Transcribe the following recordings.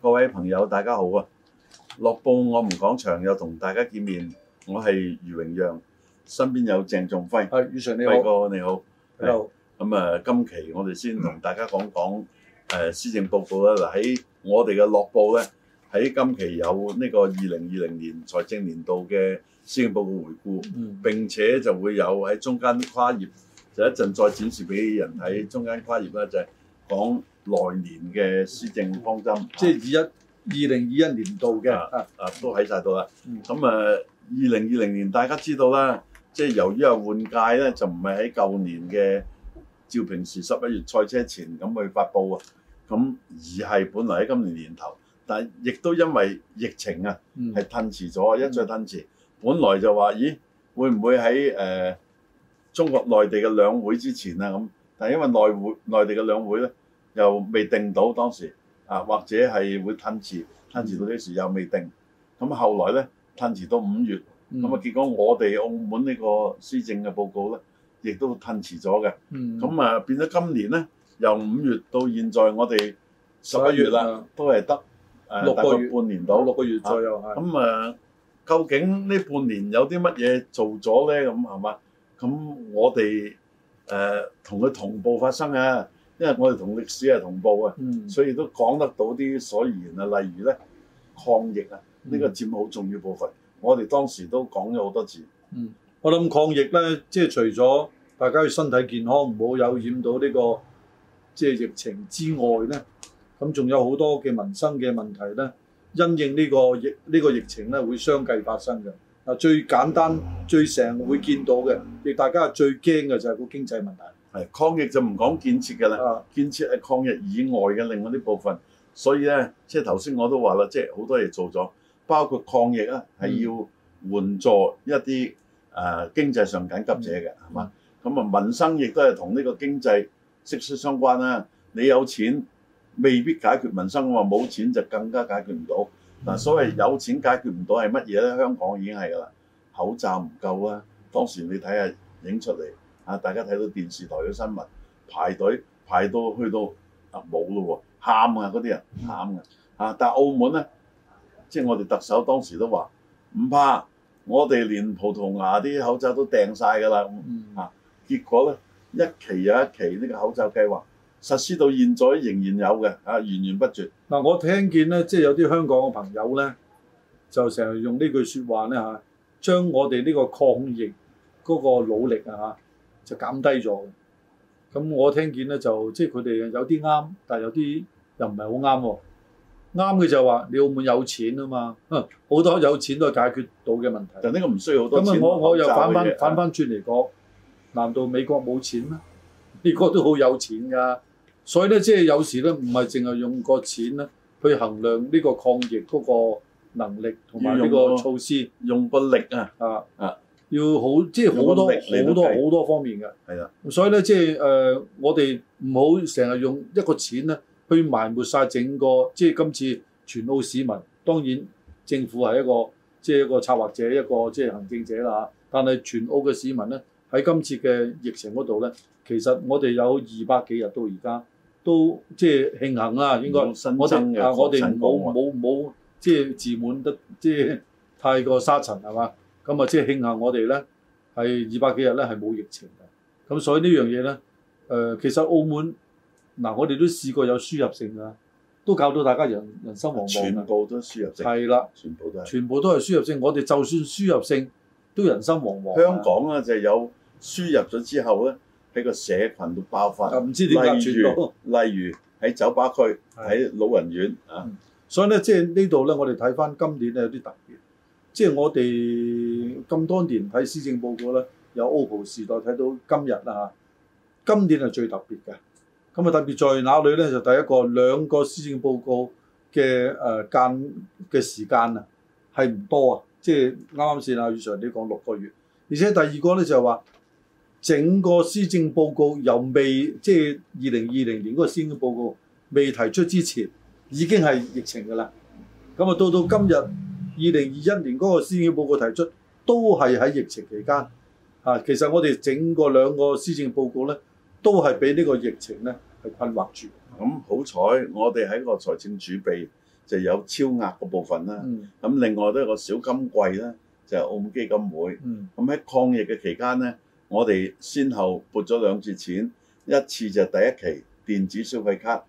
各位朋友，大家好啊！樂報我哋講場，又同大家見面，我係余榮陽，身邊有鄭仲輝，係余 Sir 你好，輝哥你好，你好。咁啊、哎好嗯，今期我哋先同大家講講誒，施、嗯呃、政報告啦。嗱，喺我哋嘅樂報咧，喺今期有呢個二零二零年財政年度嘅施政報告回顧，嗯、並且就會有喺中間跨頁。就一陣再展示俾人睇，中間跨頁咧、嗯、就係講來年嘅施政方針，即係二一二零二一年度嘅，啊都喺晒度啦。咁啊，二零二零年大家知道啦，即、就、係、是、由於係換屆咧，就唔係喺舊年嘅照平時十一月賽車前咁去發佈啊，咁而係本嚟喺今年年頭，但係亦都因為疫情啊，係吞遲咗、嗯、一再吞遲，嗯、本來就話咦會唔會喺誒？呃會中國內地嘅兩會之前啊咁，但係因為內會內地嘅兩會咧，又未定到當時啊，或者係會吞遲，吞遲到幾時又未定。咁後來咧，吞遲到五月，咁啊、嗯、結果我哋澳門呢個施政嘅報告咧，亦都吞遲咗嘅。咁、嗯、啊變咗今年咧，由五月到現在我、啊，我哋十一月啦、啊，都係得六個月，半年到六個月左右。咁啊，是啊，究竟呢半年有啲乜嘢做咗咧？咁係嘛？咁我哋誒同佢同步發生啊，因為我哋同歷史係同步啊，嗯、所以都講得到啲所言啊。例如咧，抗疫啊，呢、嗯、個節目好重要部分。我哋當時都講咗好多次。嗯，我諗抗疫咧，即係除咗大家要身體健康，唔好有染到呢、呢個即係、即係、疫情之外咧，咁仲有好多嘅民生嘅問題咧，因應呢個疫呢、呢個疫情咧，會相繼發生嘅。嗱，最簡單、最成會見到嘅，亦大家最驚嘅就係個經濟問題。係抗疫就唔講建設嘅啦，啊、建設係抗疫以外嘅另外啲部分。所以咧，即係頭先我都話啦，即係好多嘢做咗，包括抗疫啊，係、嗯、要援助一啲誒、呃、經濟上緊急者嘅，係嘛？咁啊，民生亦都係同呢個經濟息息，息相關啦、啊。你有錢未必解決民生喎，冇錢就更加解決唔到。嗱，所謂有錢解決唔到係乜嘢咧？香港已經係噶啦，口罩唔夠啦。當時你睇下影出嚟，啊，大家睇到電視台嘅新聞，排隊排到去到啊冇咯喎，喊啊嗰啲人，喊嘅啊！但係澳門咧，即係我哋特首當時都話唔怕，我哋連葡萄牙啲口罩都訂晒㗎啦，啊，結果咧一期又一期呢、這個口罩計劃。實施到現在仍然有嘅，嚇源源不絕。嗱、啊，我聽見咧，即係有啲香港嘅朋友咧，就成日用呢句説話咧嚇，將我哋呢個抗疫嗰個努力啊嚇就減低咗。咁我聽見咧就即係佢哋有啲啱，但係有啲又唔係好啱喎。啱嘅就係話你澳門有錢啊嘛，好多有錢都解決到嘅問題。就呢個唔需要好多錢。咁、嗯、我我又反返反返轉嚟講，難道美國冇錢咩？美國都好有錢㗎。所以咧，即係有時咧，唔係淨係用個錢咧去衡量呢個抗疫嗰個能力同埋呢個措施用個，用不力啊！啊啊，要好，即係、啊、好多好多好多方面嘅。係啦的，所以咧，即係誒、呃，我哋唔好成日用一個錢咧去埋沒晒整個，即係今次全澳市民。當然，政府係一個即係一個策劃者、一個即係行政者啦嚇、啊。但係全澳嘅市民咧喺今次嘅疫情嗰度咧，其實我哋有二百幾日到而家。都即係慶幸啦，應該我哋冇冇冇，即係、啊啊、自滿得，即係太過沙塵係嘛？咁啊，即係慶幸我哋咧係二百幾日咧係冇疫情嘅。咁所以呢樣嘢咧，誒、呃，其實澳門嗱、呃，我哋都試過有輸入性㗎，都搞到大家人人心惶惶，全部都輸入性係啦，了全部都係全部都係輸入性。我哋就算輸入性都人心惶惶。香港啊，就係、是、有輸入咗之後咧，喺個社群都爆發，唔知點解。例如喺都酒吧區、喺的老人院、嗯、啊，所以咧，即、就、係、是、呢度咧，我哋睇返今年咧有啲特別。即、就、係、是、我哋咁多年睇施政報告咧，有 OPPO 時代睇到今日啦、啊、今年係最特別嘅。咁啊特別在哪裏咧？就第一個兩個施政報告嘅誒間嘅時間啊，係唔多啊，即係啱啱先啊，以上你講六個月。而且第二個咧就係話。整個施政報告又未即係二零二零年嗰個施政報告未提出之前，已經係疫情噶啦。咁、嗯、啊，到到今日二零二一年嗰個施政報告提出，都係喺疫情期間。嚇、啊，其實我哋整個兩個施政報告咧，都係俾呢個疫情咧係困惑住。咁、嗯、好彩，我哋喺個財政儲備就有超額個部分啦。咁、嗯、另外都係個小金櫃啦，就係、是、澳門基金會。咁喺、嗯、抗疫嘅期間咧。我哋先後撥咗兩次錢，一次就第一期電子消費卡，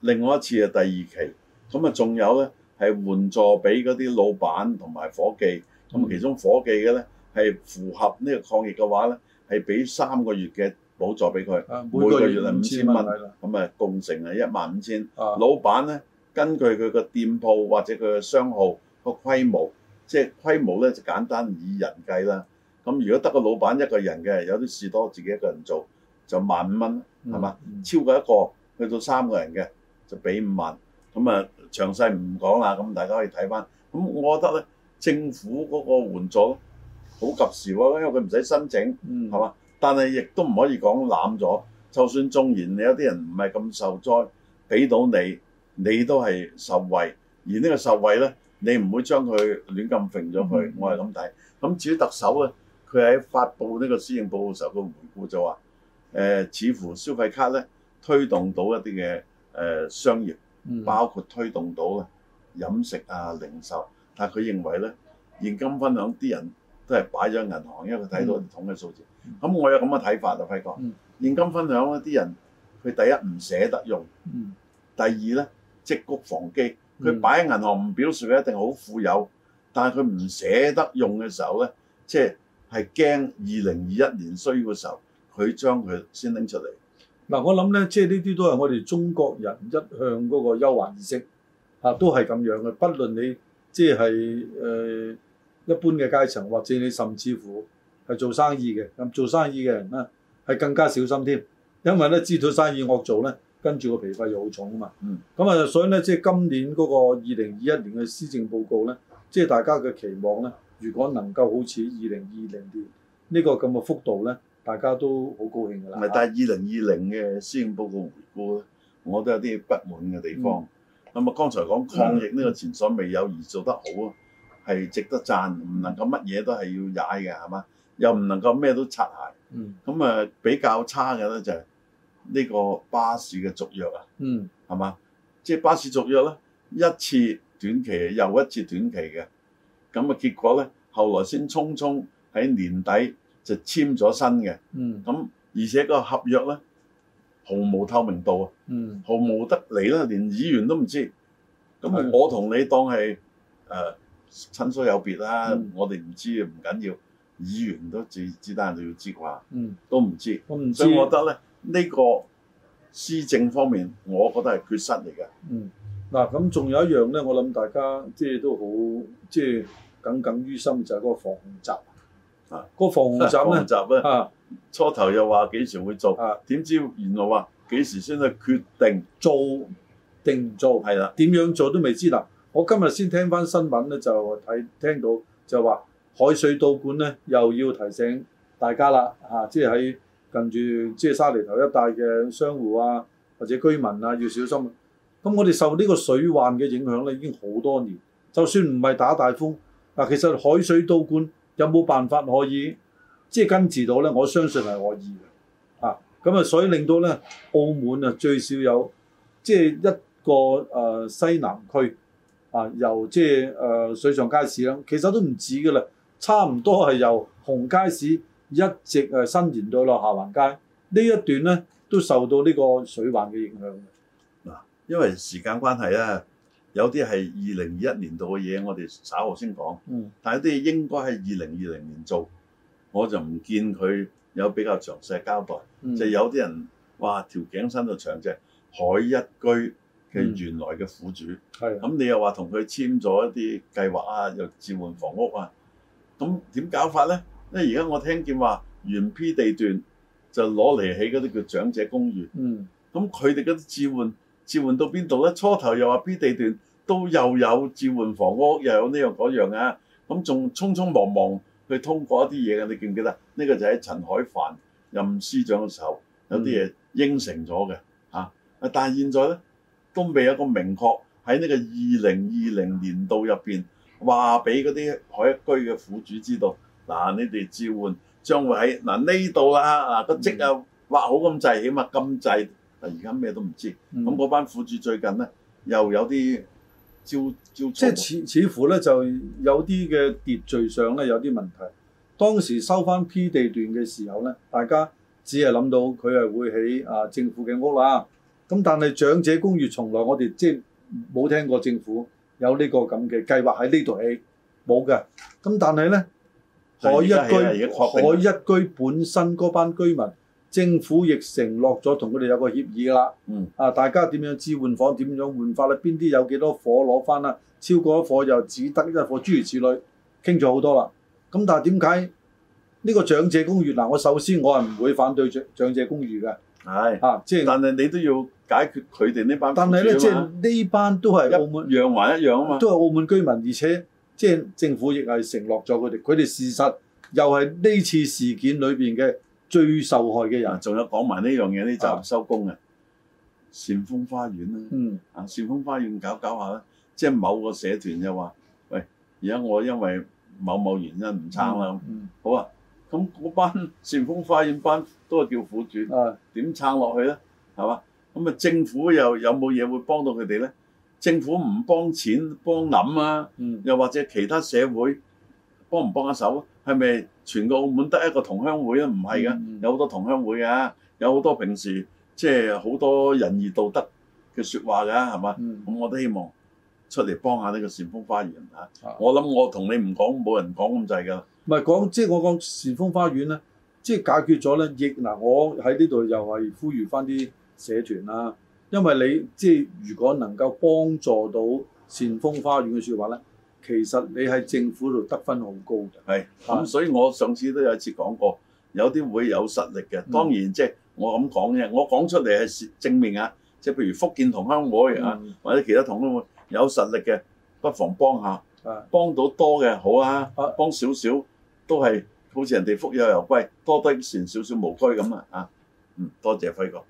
另外一次就第二期。咁啊，仲有咧係援助俾嗰啲老闆同埋伙計。咁、嗯、其中伙計嘅咧係符合呢個抗疫嘅話咧，係俾三個月嘅補助俾佢，啊、每個月係五千蚊。咁啊的，共成係一萬五千。啊、老闆咧，根據佢個店鋪或者佢嘅商號個規模，即係規模咧就簡單以人計啦。咁如果得個老闆一個人嘅，有啲士多自己一個人做，就萬五蚊，係嘛？嗯、超過一個去到三個人嘅，就俾五萬。咁啊，詳細唔講啦。咁大家可以睇翻。咁我覺得咧，政府嗰個援助好及時喎，因為佢唔使申請，係嘛？嗯、但係亦都唔可以講攬咗。就算縱然，你有啲人唔係咁受災，俾到你，你都係受惠。而呢個受惠咧，你唔會將佢亂咁揈咗佢。嗯、我係咁睇。咁至於特首咧？佢喺發布呢個施政報告嘅時候，佢回顧咗話，誒、呃，似乎消費卡咧推動到一啲嘅誒商業，嗯、包括推動到嘅飲食啊、零售。但係佢認為咧，現金分享啲人都係擺咗喺銀行，因為佢睇到統計數字。咁、嗯嗯、我有咁嘅睇法啊，輝、就、哥、是。嗯、現金分享啲人，佢第一唔捨得用，嗯、第二咧積谷防饑。佢、嗯、擺喺銀行唔表示佢一定好富有，但係佢唔捨得用嘅時候咧，即係。即係驚二零二一年衰嗰時候，佢將佢先拎出嚟。嗱、啊，我諗咧，即係呢啲都係我哋中國人一向嗰個憂患意識，嚇、啊、都係咁樣嘅。不論你即係誒、呃、一般嘅階層，或者你甚至乎係做生意嘅咁，做生意嘅人咧係更加小心添，因為咧知道生意惡做咧，跟住個皮費就好重啊嘛。嗯。咁啊，所以咧，即係今年嗰個二零二一年嘅施政報告咧，即係大家嘅期望咧。如果能夠好似二零二零年呢個咁嘅幅度咧，大家都好高興㗎啦。唔係，但係二零二零嘅施政報告回顧咧，我都有啲不滿嘅地方。咁啊、嗯，剛才講抗疫呢個前所未有而做得好啊，係、嗯、值得讚。唔能夠乜嘢都係要踩嘅係嘛？又唔能夠咩都擦鞋。咁啊、嗯，比較差嘅咧就係呢個巴士嘅續約啊。係嘛、嗯？即係、就係、巴士續約咧，一次短期，又一次短期嘅。咁啊，結果咧，後來先匆匆喺年底就簽咗新嘅。嗯，咁而且個合約咧，毫無透明度啊。嗯，毫無得嚟啦，連議員都唔知。咁、嗯、我同你當係誒、呃、親疏有別啦。嗯、我哋唔知啊，唔緊要。議員都知，紙單就要知啩，嗯，都唔知。所以我覺得咧，呢、呢個施政方面，我覺得係缺失嚟嘅。嗯。嗱，咁仲有一樣咧，我諗大家即係都好即係耿耿於心，就係、是、嗰個防洪閘啊！嗰個防洪閘咧，啊，初頭又話幾時會做，點、啊、知原來話幾時先去決定做定唔做？係啦的，點樣做都未知啦。我今日先聽翻新聞咧，就睇聽到就話海水倒灌咧又要提醒大家啦，嚇、啊！即係喺近住即係沙梨頭一帶嘅商戶啊，或者居民啊，要小心。咁我哋受呢個水患嘅影響咧，已經好多年。就算唔係打大風，嗱、啊，其實海水倒灌有冇辦法可以即係根治到咧？我相信係可以嘅。啊，咁啊，所以令到咧澳門啊最少有即係一個誒、呃、西南區啊，由即係誒、呃、水上街市啦，其實都唔止噶啦，差唔多係由紅街市一直誒伸延到落下環街呢一段咧，都受到呢個水患嘅影響。因為時間關係啊，有啲係二零二一年度嘅嘢，我哋稍後先講。嗯，但係啲應該係二零二零年做，我就唔見佢有比較詳細交代。嗯、就有啲人哇，條頸伸到長隻海一居嘅原來嘅苦主，係咁、嗯、你又話同佢簽咗一啲計劃啊，又置換房屋啊，咁點搞法咧？因為而家我聽見話原批地段就攞嚟起嗰啲叫長者公寓，嗯，咁佢哋嗰啲置換。置換到邊度咧？初頭又話 B 地段都又有置換房屋，又有呢樣嗰樣啊！咁仲匆匆忙忙去通過一啲嘢嘅，你記唔記得？呢、這個就係陳海帆任司長嘅時候，有啲嘢應承咗嘅嚇。嗯、但係現在咧都未有個明確喺呢個二零二零年度入邊話俾嗰啲海一居嘅苦主知道，嗱、呃，你哋置換將會喺嗱呢度啦，個即啊劃好咁滯，起碼咁滯。呃而家咩都唔知，咁嗰、嗯、班富主最近咧又有啲照招，招即係似似乎咧就有啲嘅秩序上咧有啲問題。當時收翻 P 地段嘅時候咧，大家只係諗到佢係會起啊政府嘅屋啦。咁但係長者公寓從來我哋即係冇聽過政府有呢個咁嘅計劃喺呢度起，冇嘅。咁但係咧，海一居海一居本身嗰班居民。政府亦承諾咗同佢哋有個協議㗎啦。嗯啊，大家點樣置換房？點樣換法咧？邊啲有幾多火攞翻啦？超過一火又只得一火，諸如此類，傾咗好多啦。咁但係點解呢個長者公寓嗱、啊？我首先我係唔會反對長長者公寓嘅。係、哎、啊，即、就、係、是，但係你都要解決佢哋呢班。但係咧，即係呢班都係一樣還一樣啊嘛，都係澳門居民，而且即係政府亦係承諾咗佢哋。佢哋事實又係呢次事件裏邊嘅。最受害嘅人，仲有講埋呢樣嘢，呢就收工嘅。的善豐花園啦，啊的善豐花園搞一搞，一搞一下啦，即係的某個社團又話，喂，而家我因為某某原因唔撐啦。好啊，咁嗰班善豐花園班都係叫苦主，點的撐落去咧？係嘛？咁啊，政府又有冇嘢會幫到佢哋咧？政府唔幫錢，幫諗啊，嗯、又或者其他社會。幫唔幫下手？係咪全個澳門得一個同鄉會啊？唔係噶，嗯、有好多同鄉會噶、啊，有好多平時即係好多仁義道德嘅説話噶、啊，係嘛？咁、嗯、我都希望出嚟幫下呢個善豐花園啊！的我諗我同你唔講，冇人講咁滯噶。唔係講，即係我講善豐花園咧，即係解決咗咧，亦嗱、呃、我喺呢度又係呼籲翻啲社團啦、啊，因為你即係如果能夠幫助到善豐花園嘅説話咧。其實你喺政府度得分好高嘅，係咁，所以我上次都有一次講過，有啲會有實力嘅，當然即係我咁講嘅，我講出嚟係正面啊，即係譬如福建同鄉會啊，嗯、或者其他同鄉會有實力嘅，不妨幫下，幫到多嘅好啊，幫少少都係好似人哋福有攸歸，多多益善少少無拘咁啊，啊，嗯，多謝輝哥。